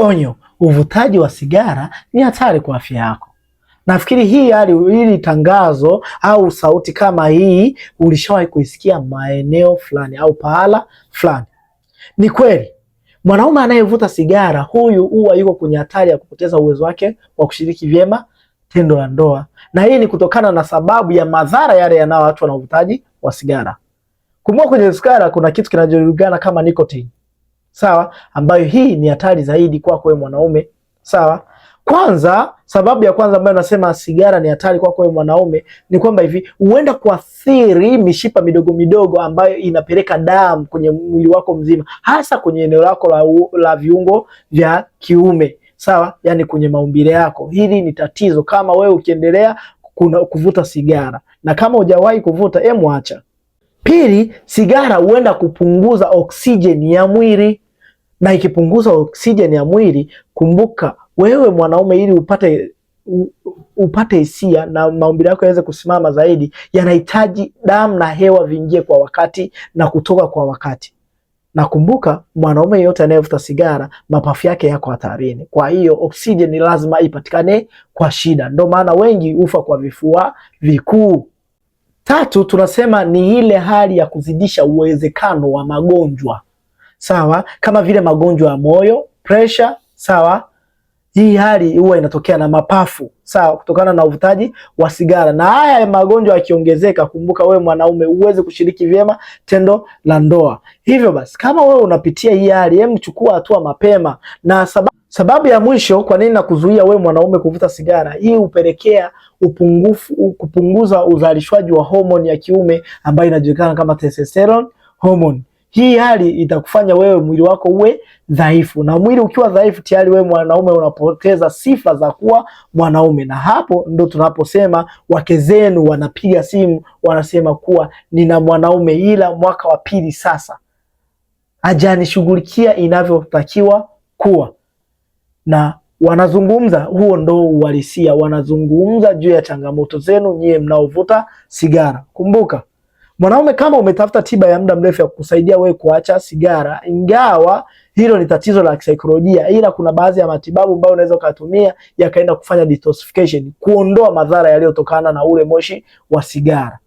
Onyo: uvutaji wa sigara ni hatari kwa afya yako. Nafikiri hii hali hili tangazo au sauti kama hii ulishawahi kuisikia maeneo fulani au pahala fulani. Ni kweli mwanaume anayevuta sigara huyu huwa yuko kwenye hatari ya kupoteza uwezo wake wa kushiriki vyema tendo la ndoa, na hii ni kutokana na sababu ya madhara yale yanayoachwa na uvutaji wa sigara. Kumbuka, kwenye sigara kuna kitu kinachojulikana kama nikotini sawa, ambayo hii ni hatari zaidi kwako wewe mwanaume, sawa. Kwanza, sababu ya kwanza ambayo nasema sigara ni hatari kwako wewe mwanaume ni kwamba hivi huenda kuathiri mishipa midogo midogo ambayo inapeleka damu kwenye mwili wako mzima, hasa kwenye eneo lako la, la viungo vya kiume, sawa, yani kwenye maumbile yako. Hili ni tatizo kama wewe ukiendelea kuna kuvuta sigara, na kama hujawahi kuvuta, emwacha. Pili, sigara huenda kupunguza oksijeni ya mwili na ikipunguza oksijeni ya mwili. Kumbuka wewe mwanaume, ili upate upate hisia na maumbile yako yaweze kusimama zaidi, yanahitaji damu na hewa viingie kwa wakati na kutoka kwa wakati. Na kumbuka, mwanaume yeyote anayevuta sigara mapafu yake yako hatarini. Kwa hiyo oksijeni lazima ipatikane kwa shida, ndio maana wengi hufa kwa vifua vikuu. Tatu, tunasema ni ile hali ya kuzidisha uwezekano wa magonjwa sawa, kama vile magonjwa ya moyo, pressure, sawa. Hii hali huwa inatokea na mapafu, sawa, kutokana na uvutaji wa sigara. Na haya magonjwa yakiongezeka, kumbuka wewe mwanaume uweze kushiriki vyema tendo la ndoa. Hivyo basi, kama wewe unapitia hii hali, hem, chukua hatua mapema. Na sababu, sababu ya mwisho kwa nini nakuzuia wewe mwanaume kuvuta sigara, hii hupelekea upungufu, kupunguza uzalishwaji wa homoni ya kiume ambayo inajulikana kama testosterone hormone. Hii hali itakufanya wewe mwili wako uwe dhaifu, na mwili ukiwa dhaifu, tayari wewe mwanaume unapoteza sifa za kuwa mwanaume, na hapo ndo tunaposema wake zenu wanapiga simu, wanasema kuwa nina mwanaume ila mwaka wa pili sasa hajanishughulikia inavyotakiwa kuwa, na wanazungumza. Huo ndo uhalisia, wanazungumza juu ya changamoto zenu nyie mnaovuta sigara. Kumbuka Mwanaume, kama umetafuta tiba ya muda mrefu ya kukusaidia wewe kuacha sigara, ingawa hilo ni tatizo la kisaikolojia, ila kuna baadhi ya matibabu ambayo unaweza ukatumia yakaenda kufanya detoxification, kuondoa madhara yaliyotokana na ule moshi wa sigara.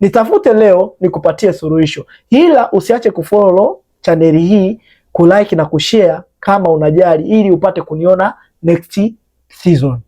Nitafute leo nikupatie suluhisho, ila usiache kufollow chaneli hii, kulike na kushare kama unajali, ili upate kuniona next season.